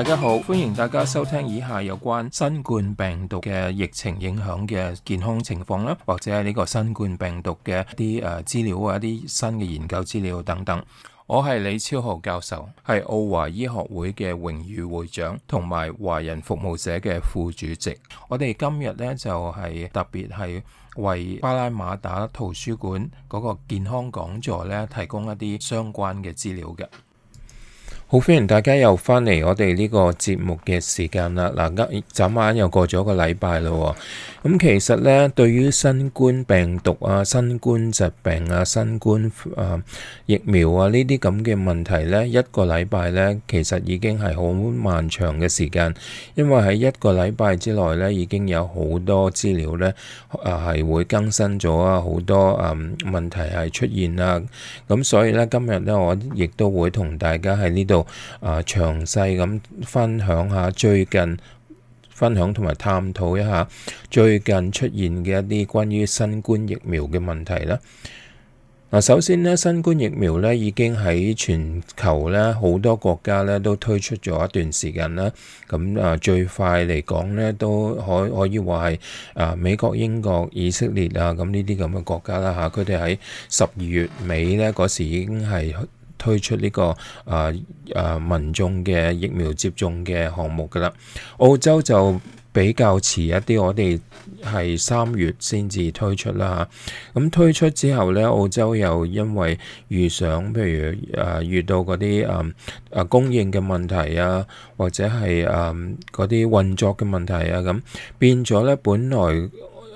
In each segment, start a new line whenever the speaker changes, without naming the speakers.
大家好，歡迎大家收聽以下有關新冠病毒嘅疫情影響嘅健康情況啦，或者係呢個新冠病毒嘅一啲誒資料啊，一啲新嘅研究資料等等。我係李超豪教授，係澳華醫學會嘅榮譽會長，同埋華人服務社嘅副主席。我哋今日咧就係、是、特別係為巴拉馬打圖書館嗰個健康講座咧提供一啲相關嘅資料嘅。好，歡迎大家又翻嚟我哋呢個節目嘅時間啦！嗱、呃，一眨眼又過咗一個禮拜啦、哦。咁、嗯、其實呢，對於新冠病毒啊、新冠疾病啊、新冠啊疫苗啊呢啲咁嘅問題呢，一個禮拜呢其實已經係好漫長嘅時間。因為喺一個禮拜之內呢，已經有好多資料咧，係、啊、會更新咗啊，好多啊問題係出現啦。咁、啊、所以呢，今日呢，我亦都會同大家喺呢度。啊！詳細咁分享下最近，分享同埋探討一下最近出現嘅一啲關於新冠疫苗嘅問題啦。嗱，首先呢，新冠疫苗呢已經喺全球呢好多國家呢都推出咗一段時間啦。咁啊，最快嚟講呢都可可以話係啊美國、英國、以色列啊咁呢啲咁嘅國家啦吓。佢哋喺十二月尾呢嗰時已經係。推出呢、這個誒誒、啊啊、民眾嘅疫苗接種嘅項目㗎喇，澳洲就比較遲一啲，我哋係三月先至推出啦嚇。咁、啊、推出之後咧，澳洲又因為遇上譬如誒、啊、遇到嗰啲誒誒供應嘅問題啊，或者係誒嗰啲運作嘅問題啊，咁、啊、變咗咧，本來誒、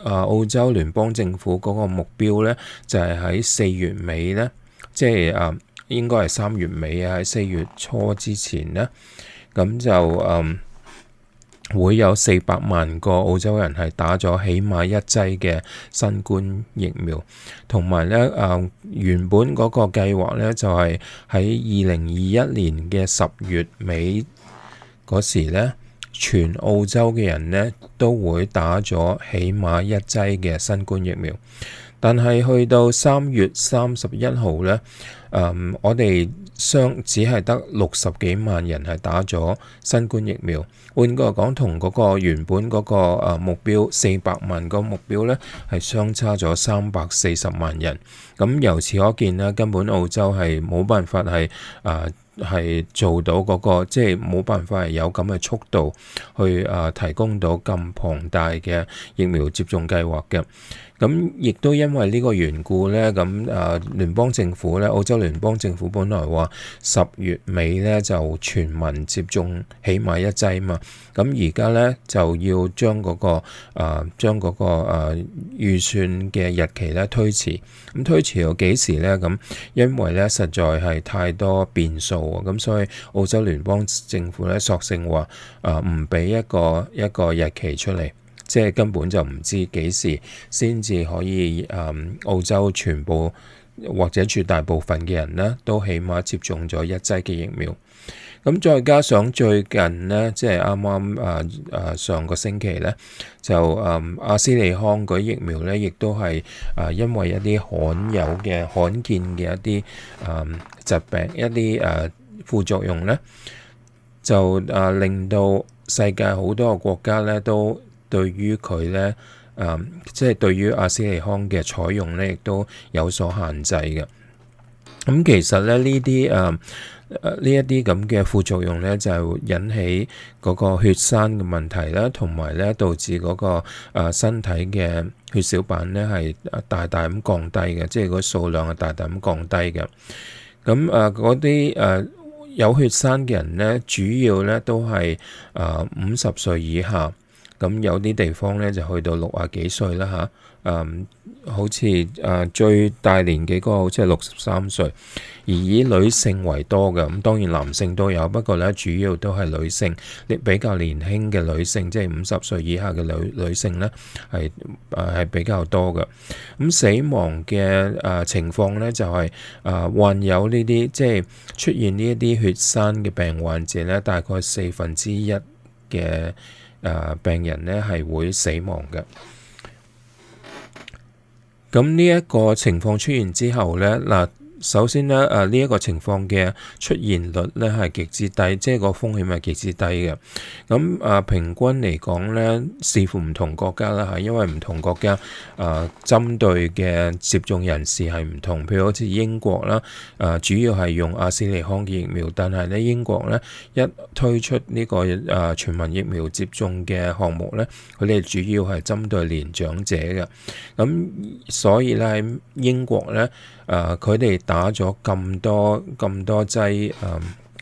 啊、澳洲聯邦政府嗰個目標咧，就係喺四月尾咧，即係誒。啊應該係三月尾啊，喺四月初之前呢，咁就嗯會有四百萬個澳洲人係打咗起碼一劑嘅新冠疫苗，同埋呢、呃，原本嗰個計劃呢就係喺二零二一年嘅十月尾嗰時呢，全澳洲嘅人呢都會打咗起碼一劑嘅新冠疫苗。但係去到三月三十一號呢，嗯、我哋相只係得六十幾萬人係打咗新冠疫苗。換句話講，同嗰個原本嗰個目標四百萬個目標呢係相差咗三百四十萬人。咁、嗯、由此可見咧，根本澳洲係冇辦法係誒。呃係做到嗰個即係冇辦法係有咁嘅速度去誒提供到咁龐大嘅疫苗接種計劃嘅。咁亦都因為呢個緣故呢，咁誒聯邦政府咧，澳洲聯邦政府本來話十月尾呢就全民接種起碼一劑嘛。咁而家呢，就要將嗰個誒將嗰個誒預算嘅日期呢推遲。咁推遲到幾時呢？咁因為呢，實在係太多變數。咁所以澳洲聯邦政府咧索性話誒唔俾，一個一個日期出嚟。即係根本就唔知幾時先至可以誒、呃、澳洲全部或者絕大部分嘅人咧都起碼接種咗一劑嘅疫苗。咁再加上最近呢，即係啱啱啊啊上個星期咧，就啊、呃、阿斯利康嘅疫苗咧，亦都係啊因為一啲罕有嘅罕見嘅一啲啊、呃、疾病一啲啊、呃、副作用咧，就啊、呃、令到世界好多個國家咧都對於佢咧啊即係對於阿斯利康嘅採用咧亦都有所限制嘅。咁、呃、其實咧呢啲啊～呢一啲咁嘅副作用咧，就係引起嗰個血栓嘅問題啦，同埋咧導致嗰個誒身體嘅血小板咧係大大咁降低嘅，即係個數量係大大咁降低嘅。咁誒嗰啲誒有血栓嘅人咧，主要咧都係誒五十歲以下，咁有啲地方咧就去到六啊幾歲啦嚇，誒、嗯。好似誒最大年紀嗰個，好似係六十三歲，而以女性為多嘅。咁當然男性都有，不過咧主要都係女性。你比較年輕嘅女性，即係五十歲以下嘅女女性咧，係誒係比較多嘅。咁、嗯、死亡嘅誒、呃、情況咧，就係、係、誒、呃、患有呢啲即係出現呢一啲血栓嘅病患者咧，大概四分之一嘅誒、呃、病人咧係會死亡嘅。咁呢一個情況出現之後呢，嗱。首先呢，誒呢一個情況嘅出現率呢係極之低，即係個風險係極之低嘅。咁誒、啊、平均嚟講呢，視乎唔同國家啦嚇，因為唔同國家誒針對嘅接種人士係唔同。譬如好似英國啦，誒、啊、主要係用阿斯利康嘅疫苗，但係呢，英國呢一推出呢、這個誒、啊、全民疫苗接種嘅項目呢，佢哋主要係針對年長者嘅。咁所以呢，喺英國呢。誒，佢哋、呃、打咗咁多咁多劑誒、呃、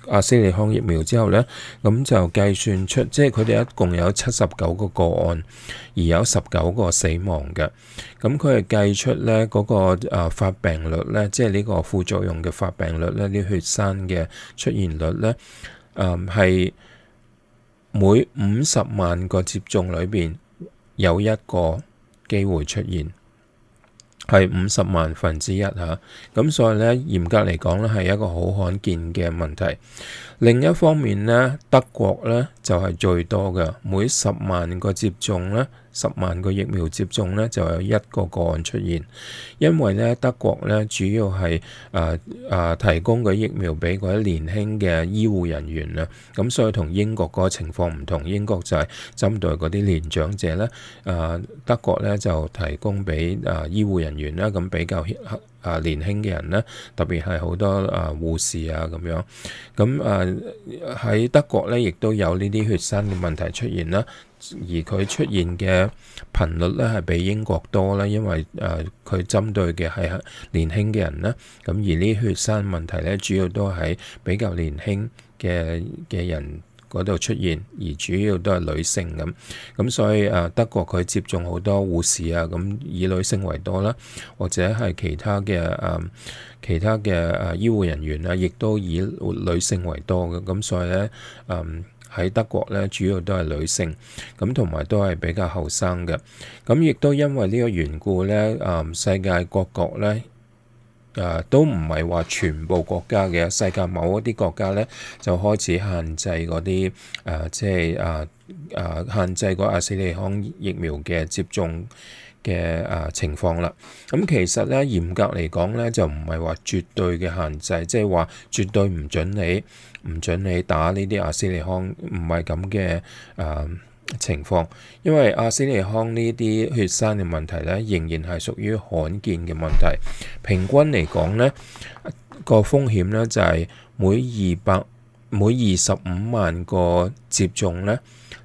阿斯利康疫苗之後咧，咁就計算出，即係佢哋一共有七十九個個案，而有十九個死亡嘅。咁佢係計出咧嗰、那個誒發病率咧，即係呢個副作用嘅發病率咧，啲血栓嘅出現率咧，誒、呃、係每五十萬個接種裏邊有一個機會出現。係五十萬分之一嚇，咁、啊、所以咧，嚴格嚟講咧係一個好罕見嘅問題。另一方面呢，德國呢就係最多嘅，每十萬個接種呢，十萬個疫苗接種呢就有一個個案出現。因為呢德國呢主要係誒誒提供個疫苗俾嗰啲年輕嘅醫護人員啊，咁所以同英國嗰個情況唔同，英國就係針對嗰啲年長者呢，誒德國呢就提供俾誒醫護人員啦，咁比較嚴核。啊，年輕嘅人咧，特別係好多啊護士啊咁樣，咁啊喺德國咧，亦都有呢啲血栓嘅問題出現啦。而佢出現嘅頻率咧，係比英國多啦，因為誒佢、啊、針對嘅係年輕嘅人啦。咁而呢血栓問題咧，主要都係比較年輕嘅嘅人。嗰度出現，而主要都係女性咁，咁所以誒德國佢接種好多護士啊，咁以女性為多啦，或者係其他嘅誒其他嘅誒醫護人員啊，亦都以女性為多嘅，咁所以咧誒喺德國咧，主要都係女性，咁同埋都係比較後生嘅，咁亦都因為呢個緣故咧，誒世界各國咧。啊、都唔係話全部國家嘅，世界某一啲國家咧就開始限制嗰啲誒，即係誒誒限制個阿斯利康疫苗嘅接種嘅誒、啊、情況啦。咁、啊、其實咧，嚴格嚟講咧，就唔係話絕對嘅限制，即係話絕對唔準你唔準你打呢啲阿斯利康，唔係咁嘅誒。啊情況，因為阿斯利康呢啲血栓嘅問題咧，仍然係屬於罕見嘅問題。平均嚟講咧，個風險咧就係每二百每二十五萬個接種咧，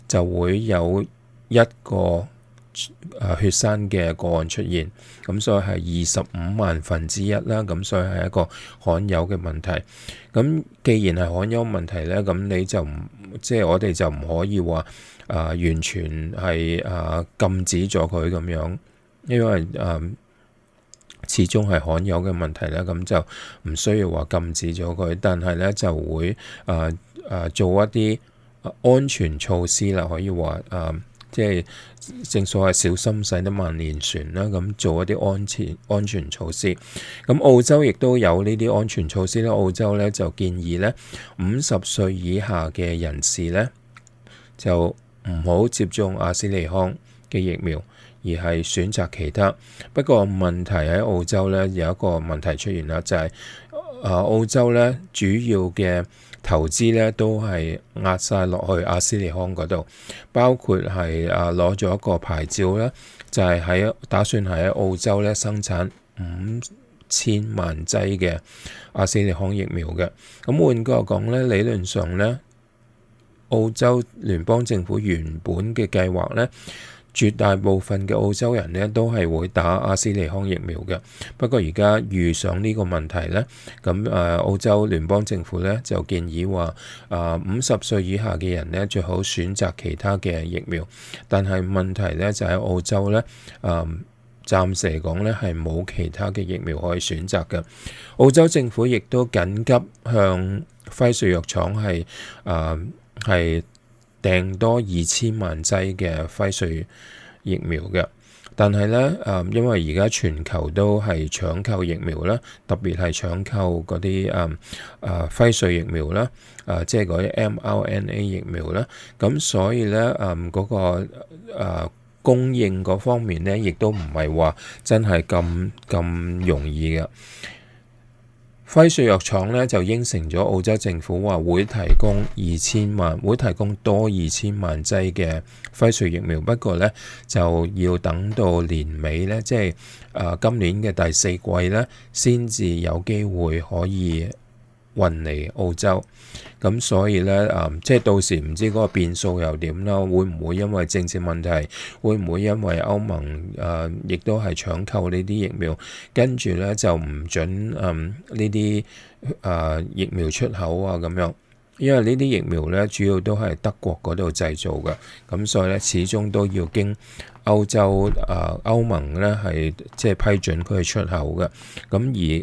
就會有一個。誒血栓嘅個案出現，咁所以係二十五萬分之一啦，咁所以係一個罕有嘅問題。咁既然係罕有問題咧，咁你就唔即係我哋就唔可以話誒、啊、完全係誒、啊、禁止咗佢咁樣，因為誒、啊、始終係罕有嘅問題咧，咁就唔需要話禁止咗佢，但係咧就會誒誒、啊啊、做一啲安全措施啦，可以話誒。啊。即係正所謂小心駛得萬年船啦，咁做一啲安全安全措施。咁澳洲亦都有呢啲安全措施咧。澳洲咧就建議咧五十歲以下嘅人士咧就唔好接種阿斯利康嘅疫苗，而係選擇其他。不過問題喺澳洲咧有一個問題出現啦，就係、是、啊澳洲咧主要嘅。投資咧都係壓晒落去阿斯利康嗰度，包括係啊攞咗一個牌照啦，就係、是、喺打算喺澳洲咧生產五千萬劑嘅阿斯利康疫苗嘅。咁換句話講咧，理論上咧澳洲聯邦政府原本嘅計劃咧。絕大部分嘅澳洲人呢，都係會打阿斯利康疫苗嘅，不過而家遇上呢個問題呢，咁誒、呃、澳洲聯邦政府呢，就建議話誒五十歲以下嘅人呢，最好選擇其他嘅疫苗，但係問題呢，就喺、是、澳洲呢，誒、呃、暫時嚟講呢，係冇其他嘅疫苗可以選擇嘅。澳洲政府亦都緊急向輝瑞藥廠係誒係。呃訂多二千萬劑嘅輝瑞疫苗嘅，但係呢，誒，因為而家全球都係搶購疫苗啦，特別係搶購嗰啲誒誒輝瑞疫苗啦，誒、啊、即係嗰啲 mRNA 疫苗啦，咁、啊、所以呢，誒、嗯、嗰、那個、啊、供應嗰方面呢，亦都唔係話真係咁咁容易嘅。輝瑞藥廠咧就應承咗澳洲政府話會提供二千萬，會提供多二千萬劑嘅輝瑞疫苗，不過咧就要等到年尾咧，即係、呃、今年嘅第四季咧，先至有機會可以。運嚟澳洲，咁所以呢，誒、嗯，即係到時唔知嗰個變數又點啦，會唔會因為政治問題，會唔會因為歐盟誒、呃，亦都係搶購呢啲疫苗，跟住呢就唔準呢啲、嗯呃、疫苗出口啊咁樣，因為呢啲疫苗呢主要都係德國嗰度製造嘅，咁所以呢，始終都要經。歐洲啊、呃，歐盟咧係即係批准佢出口嘅，咁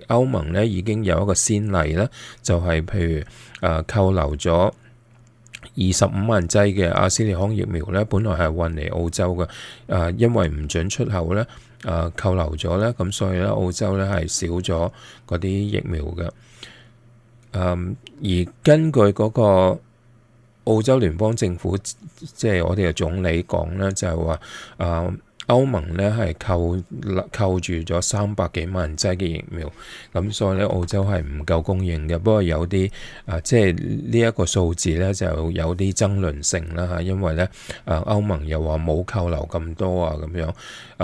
而歐盟咧已經有一個先例咧，就係、是、譬如啊、呃、扣留咗二十五萬劑嘅阿斯利康疫苗咧，本來係運嚟澳洲嘅，啊、呃、因為唔準出口咧，啊、呃、扣留咗咧，咁所以咧澳洲咧係少咗嗰啲疫苗嘅。嗯、呃，而根據嗰、嗰個。澳洲聯邦政府，即係我哋嘅總理講咧，就係話啊。呃歐盟咧係扣扣住咗三百幾萬劑嘅疫苗，咁所以咧澳洲係唔夠供應嘅。不過有啲啊，即係呢一個數字咧就有啲爭論性啦嚇、啊，因為咧啊歐盟又話冇扣留咁多啊咁樣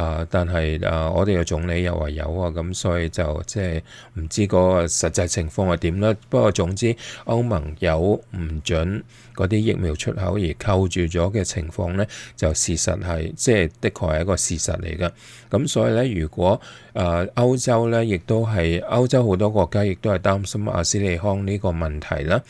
啊，但係啊我哋嘅總理又話有啊，咁所以就即係唔知個實際情況係點啦。不過總之歐盟有唔準嗰啲疫苗出口而扣住咗嘅情況咧，就事實係即係的確係。個事實嚟噶，咁所以咧，如果誒歐、呃、洲咧，亦都係歐洲好多國家，亦都係擔心阿斯利康呢個問題啦，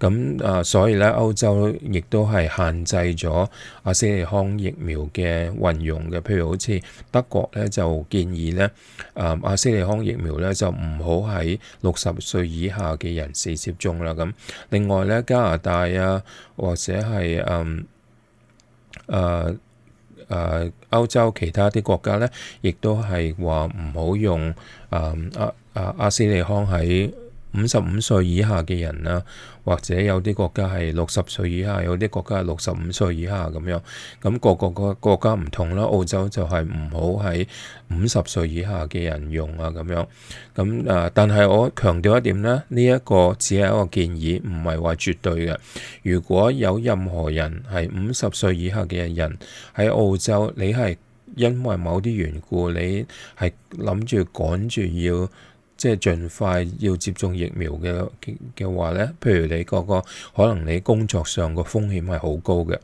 咁誒、呃，所以咧，歐洲亦都係限制咗阿斯利康疫苗嘅運用嘅，譬如好似德國咧就建議咧，誒、呃、阿斯利康疫苗咧就唔好喺六十歲以下嘅人士接種啦，咁另外咧加拿大啊或者係誒誒。嗯呃歐洲其他啲國家呢，亦都係話唔好用誒阿阿阿斯利康喺五十五歲以下嘅人啦，或者有啲國家係六十歲以下，有啲國家係六十五歲以下咁樣。咁各個個國家唔同啦。澳洲就係唔好喺五十歲以下嘅人用啊咁樣。咁誒，但係我強調一點咧，呢一個只係一個建議，唔係話絕對嘅。如果有任何人係五十歲以下嘅人喺澳洲，你係因為某啲緣故，你係諗住趕住要。即係盡快要接種疫苗嘅嘅話咧，譬如你個個可能你工作上嘅風險係好高嘅，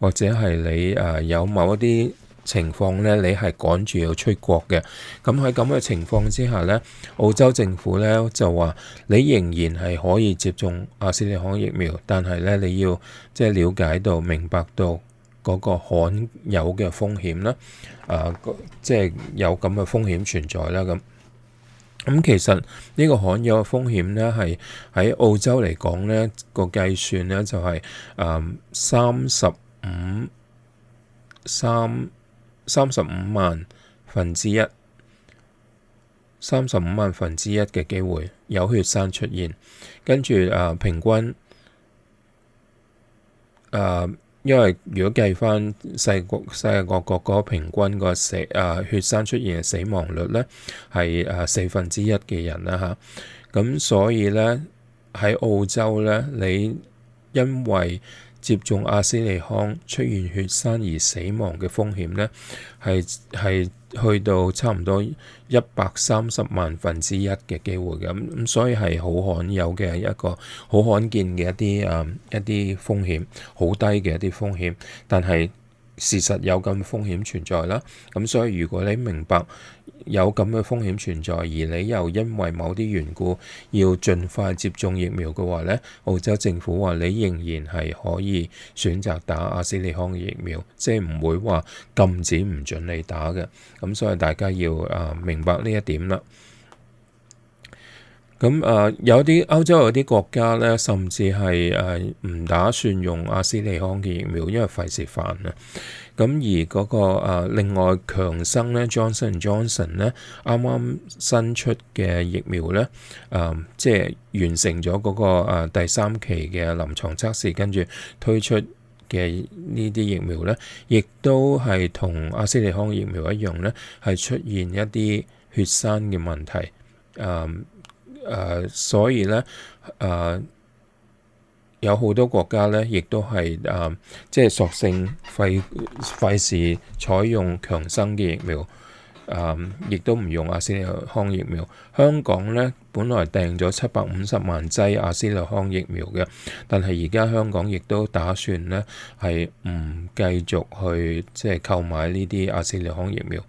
或者係你誒、呃、有某一啲情況咧，你係趕住要出國嘅。咁喺咁嘅情況之下咧，澳洲政府咧就話你仍然係可以接種阿斯利康疫苗，但係咧你要即係了解到、明白到嗰、那個罕有嘅風險啦，誒、呃，即係有咁嘅風險存在啦咁。咁、嗯、其實呢個罕有嘅風險咧，係喺澳洲嚟講咧，個計算咧就係誒三十五三三十五萬分之一，三十五萬分之一嘅機會有血栓出現，跟住誒、呃、平均誒。呃因為如果計翻世界世界各國個平均個死啊，血栓出現嘅死亡率咧，係誒、啊、四分之一嘅人啦吓，咁所以咧喺澳洲咧，你因為接種阿斯利康出現血栓而死亡嘅風險呢，係係去到差唔多一百三十萬分之一嘅機會嘅，咁咁所以係好罕有嘅一個好罕見嘅一啲，嗯、一啲風險，好低嘅一啲風險，但係事實有咁風險存在啦，咁所以如果你明白。有咁嘅風險存在，而你又因為某啲緣故要盡快接種疫苗嘅話呢，澳洲政府話你仍然係可以選擇打阿斯利康嘅疫苗，即係唔會話禁止唔準你打嘅。咁所以大家要啊明白呢一點啦。咁啊、呃，有啲歐洲有啲國家咧，甚至係誒唔打算用阿斯利康嘅疫苗，因為費事煩啦。咁而嗰、那個、呃、另外強生咧，Johnson Johnson 咧，啱啱新出嘅疫苗咧，誒、呃、即係完成咗嗰、那個、呃、第三期嘅臨床測試，跟住推出嘅呢啲疫苗咧，亦都係同阿斯利康疫苗一樣咧，係出現一啲血栓嘅問題，誒、呃。誒，uh, 所以咧，誒、uh, 有好多國家咧，亦都係誒，uh, 即係索性費費事採用強生嘅疫苗，誒、uh，亦都唔用阿斯利康疫苗。香港咧，本來訂咗七百五十萬劑阿斯利康疫苗嘅，但係而家香港亦都打算咧，係唔繼續去即係購買呢啲阿斯利康疫苗。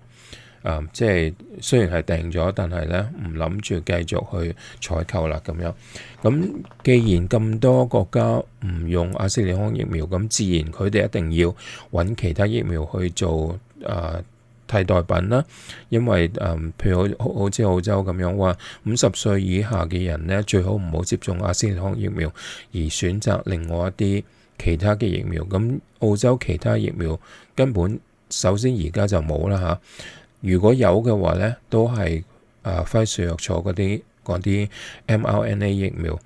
即係雖然係訂咗，但係咧唔諗住繼續去採購啦咁樣。咁既然咁多國家唔用阿斯利康疫苗，咁自然佢哋一定要搵其他疫苗去做誒、呃、替代品啦。因為誒、呃，譬如好似澳洲咁樣話，五十歲以下嘅人咧，最好唔好接種阿斯利康疫苗，而選擇另外一啲其他嘅疫苗。咁澳洲其他疫苗根本首先而家就冇啦嚇。如果有嘅話咧，都係誒輝瑞藥廠嗰啲嗰啲 mRNA 疫苗。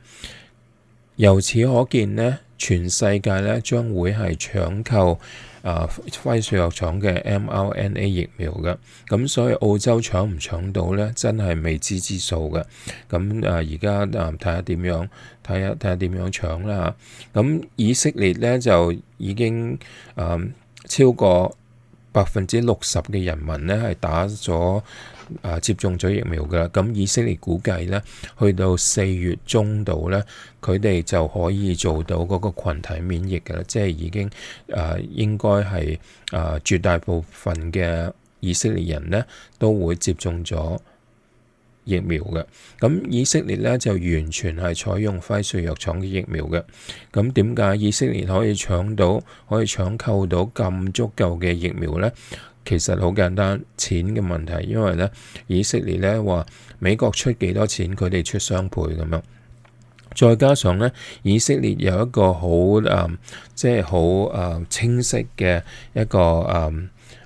由此可見咧，全世界咧將會係搶購誒輝瑞藥廠嘅 mRNA 疫苗嘅。咁所以澳洲搶唔搶到咧，真係未知之數嘅。咁誒而家啊，睇下點樣，睇下睇下點樣搶啦嚇。咁以色列咧就已經誒、嗯、超過百分之六十嘅人民咧係打咗啊接種咗疫苗噶啦，咁以色列估計咧，去到四月中度咧，佢哋就可以做到嗰個羣體免疫嘅啦，即係已經誒、呃、應該係誒、呃、絕大部分嘅以色列人咧都會接種咗。疫苗嘅，咁以色列咧就完全係採用輝瑞藥廠嘅疫苗嘅。咁點解以色列可以搶到、可以搶購到咁足夠嘅疫苗咧？其實好簡單，錢嘅問題。因為咧，以色列咧話美國出幾多錢，佢哋出雙倍咁樣。再加上咧，以色列有一個好啊，即係好啊清晰嘅一個啊啊、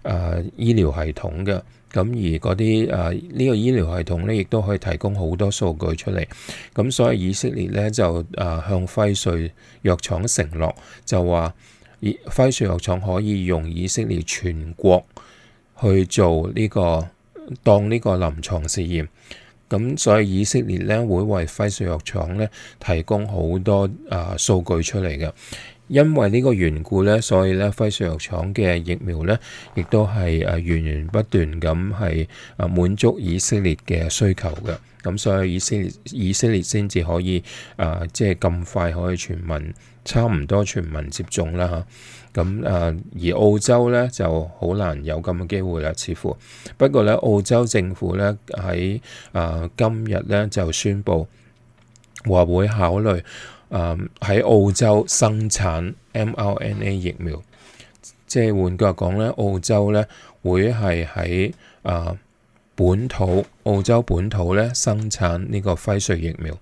呃呃、醫療系統嘅。咁而嗰啲誒呢個醫療系統咧，亦都可以提供好多數據出嚟。咁所以以色列咧就誒向輝瑞藥廠承諾，就話輝瑞藥廠可以用以色列全國去做呢個當呢個臨床試驗。咁所以以色列咧會為輝瑞藥廠咧提供好多誒數據出嚟嘅。因為呢個緣故呢，所以呢，輝瑞藥廠嘅疫苗呢，亦都係源源不斷咁係誒滿足以色列嘅需求嘅。咁所以以色列以色列先至可以、呃、即係咁快可以全民差唔多全民接種啦嚇。咁、啊、而澳洲呢，就好難有咁嘅機會啦，似乎不過呢，澳洲政府呢，喺、呃、今日呢就宣布話會考慮。嗯、喺澳洲生產 mRNA 疫苗，即係換句話講咧，澳洲咧，會係喺誒本土澳洲本土咧生產呢個輝瑞疫苗。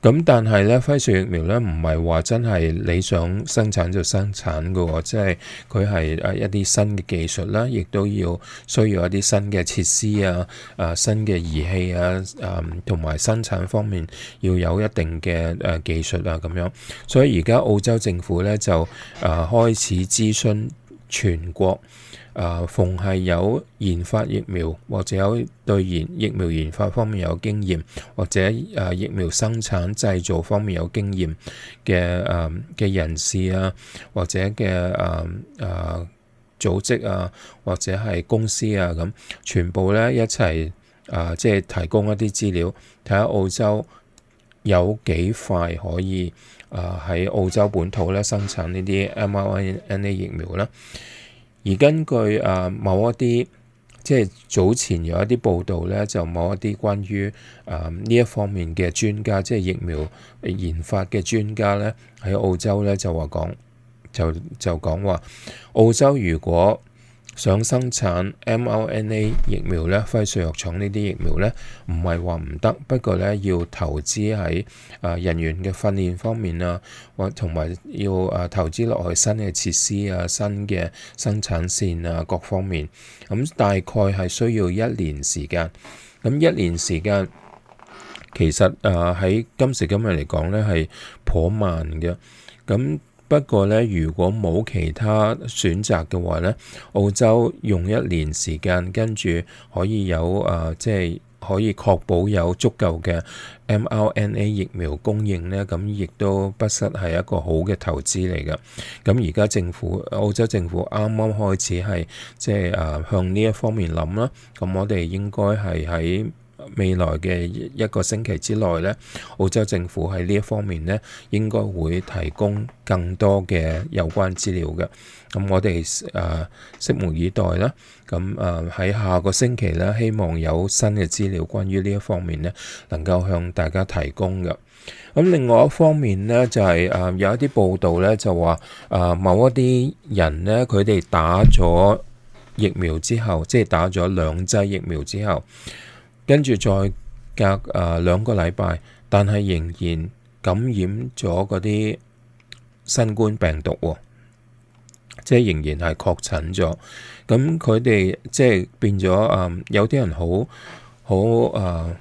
咁但係咧，輝瑞疫苗咧唔係話真係你想生產就生產噶喎，即係佢係誒一啲新嘅技術啦，亦都要需要一啲新嘅設施啊，誒新嘅儀器啊，誒同埋生產方面要有一定嘅誒、啊、技術啊咁樣，所以而家澳洲政府咧就誒、啊、開始諮詢全國。啊，逢係、呃、有研發疫苗或者有對研疫苗研發方面有經驗，或者誒、呃、疫苗生產製造方面有經驗嘅誒嘅人士啊，或者嘅誒誒組織啊，或者係公司啊，咁全部咧一齊誒，即、呃、係、就是、提供一啲資料，睇下澳洲有幾快可以誒喺、呃、澳洲本土咧生產呢啲 mRNA 疫苗啦。而根據誒某一啲，即係早前有一啲報道咧，就某一啲關於誒呢一方面嘅專家，即係疫苗研發嘅專家咧，喺澳洲咧就話講，就就講話澳洲如果想生產 mRNA 疫苗咧，輝瑞藥廠呢啲疫苗咧，唔係話唔得，不過咧要投資喺啊人員嘅訓練方面啊，或同埋要啊投資落去新嘅設施啊、新嘅生產線啊各方面，咁大概係需要一年時間。咁一年時間其實啊喺今時今日嚟講咧係頗慢嘅，咁。不過咧，如果冇其他選擇嘅話咧，澳洲用一年時間跟住可以有啊，即係可以確保有足夠嘅 mRNA 疫苗供應咧，咁亦都不失係一個好嘅投資嚟嘅。咁而家政府澳洲政府啱啱開始係即係啊，向呢一方面諗啦。咁我哋應該係喺未來嘅一個星期之內咧，澳洲政府喺呢一方面咧，應該會提供更多嘅有關資料嘅。咁、嗯、我哋誒、啊、拭目以待啦。咁誒喺下個星期咧，希望有新嘅資料關於呢一方面咧，能夠向大家提供嘅。咁、嗯、另外一方面咧，就係、是、誒、啊、有一啲報道咧，就話誒、啊、某一啲人咧，佢哋打咗疫苗之後，即係打咗兩劑疫苗之後。跟住再隔誒兩、呃、個禮拜，但係仍然感染咗嗰啲新冠病毒喎、哦，即係仍然係確診咗。咁佢哋即係變咗誒、呃，有啲人好好誒，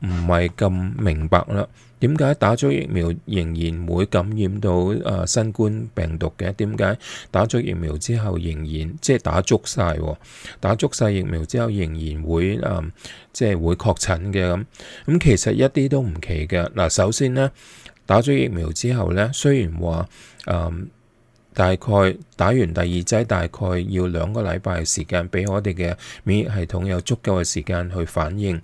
唔係咁明白啦。點解打咗疫苗仍然會感染到啊新冠病毒嘅？點解打咗疫苗之後仍然即係打足曬，打足晒疫苗之後仍然會嗯即係會確診嘅咁？咁、嗯、其實一啲都唔奇嘅。嗱，首先呢，打咗疫苗之後咧，雖然話、嗯、大概打完第二劑，大概要兩個禮拜嘅時間，俾我哋嘅免疫系統有足夠嘅時間去反應。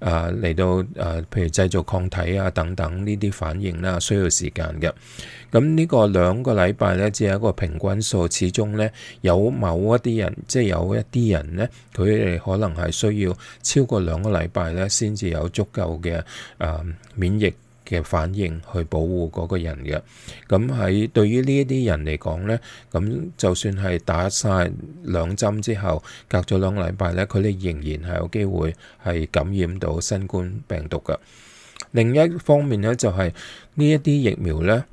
嚟、啊、到誒、啊，譬如製造抗體啊等等呢啲反應啦、啊，需要時間嘅。咁呢個兩個禮拜咧，只係一個平均數，始終咧有某一啲人，即係有一啲人咧，佢哋可能係需要超過兩個禮拜咧，先至有足夠嘅誒、呃、免疫嘅反應去保護嗰個人嘅，咁喺對於呢一啲人嚟講呢，咁就算係打晒兩針之後，隔咗兩個禮拜呢，佢哋仍然係有機會係感染到新冠病毒㗎。另一方面呢，就係呢一啲疫苗呢。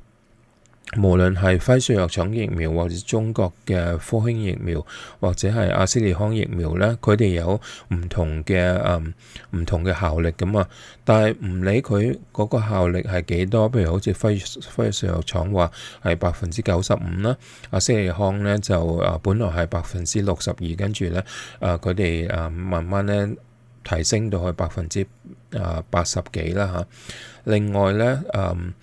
無論係輝瑞藥廠疫苗，或者中國嘅科興疫苗，或者係阿斯利康疫苗咧，佢哋有唔同嘅誒唔同嘅效力咁啊。但係唔理佢嗰個效力係幾多，譬如好似輝輝瑞藥廠話係百分之九十五啦，阿斯利康咧就誒本來係百分之六十二，跟住咧誒佢哋誒慢慢咧提升到去百分之誒八十幾啦嚇。另外咧誒。嗯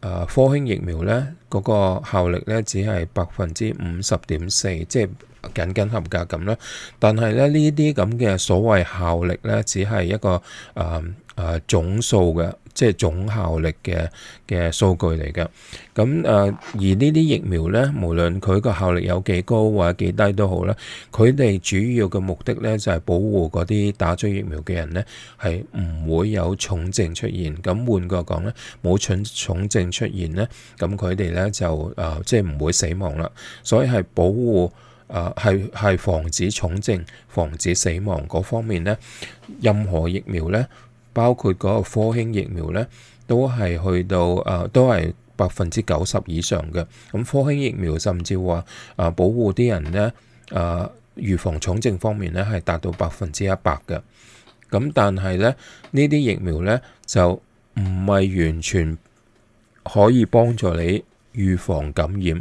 誒科興疫苗咧，嗰個效力咧只係百分之五十點四，即係僅僅合格咁啦。但係咧呢啲咁嘅所謂效力咧，只係一個誒誒總數嘅。即係總效力嘅嘅數據嚟嘅，咁誒而呢啲疫苗咧，無論佢個效力有幾高或者幾低都好啦，佢哋主要嘅目的咧就係保護嗰啲打咗疫苗嘅人咧，係唔會有重症出現。咁換句講咧，冇蠢重症出現咧，咁佢哋咧就誒即係唔會死亡啦。所以係保護誒係係防止重症、防止死亡嗰方面咧，任何疫苗咧。包括嗰個科興疫苗咧，都係去到誒，都係百分之九十以上嘅。咁科興疫苗甚至話誒、啊、保護啲人咧，誒、啊、預防重症方面咧係達到百分之一百嘅。咁但係咧呢啲疫苗咧就唔係完全可以幫助你預防感染，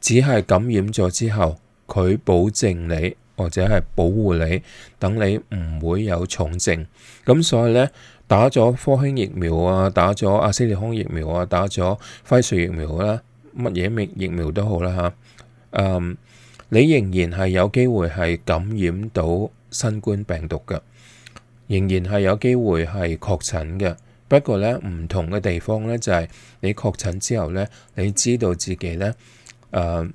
只係感染咗之後佢保證你，或者係保護你，等你唔會有重症。咁所以呢，打咗科興疫苗啊，打咗阿斯利康疫苗啊，打咗輝瑞疫苗啦、啊，乜嘢疫苗都好啦吓、啊。你仍然係有機會係感染到新冠病毒嘅，仍然係有機會係確診嘅。不過呢，唔同嘅地方呢，就係、是、你確診之後呢，你知道自己呢唔、啊、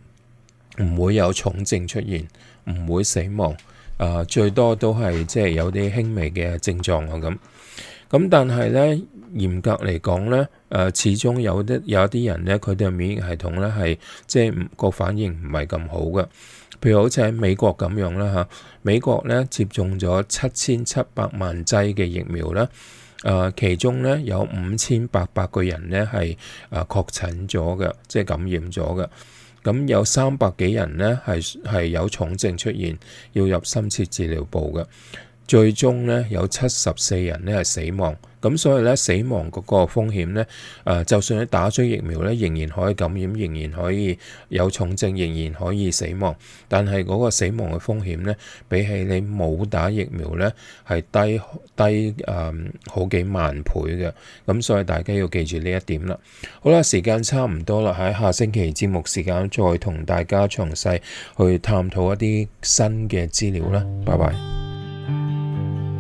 會有重症出現。唔會死亡，誒、呃、最多都係即係有啲輕微嘅症狀啊咁，咁但係咧嚴格嚟講咧，誒、呃、始終有啲有啲人咧，佢哋免疫系統咧係即係個反應唔係咁好嘅，譬如好似喺美國咁樣啦吓，美國咧接種咗七千七百萬劑嘅疫苗啦，誒、呃、其中咧有五千八百個人咧係誒確診咗嘅，即係感染咗嘅。咁有三百幾人呢，係係有重症出現，要入深切治療部嘅。最終呢，有七十四人呢係死亡，咁所以呢，死亡嗰個風險呢、呃，就算你打咗疫苗呢，仍然可以感染，仍然可以有重症，仍然可以死亡。但係嗰個死亡嘅風險呢，比起你冇打疫苗呢，係低低誒、呃、好幾萬倍嘅。咁所以大家要記住呢一點啦。好啦，時間差唔多啦，喺下星期節目時間再同大家詳細去探討一啲新嘅資料啦。拜拜。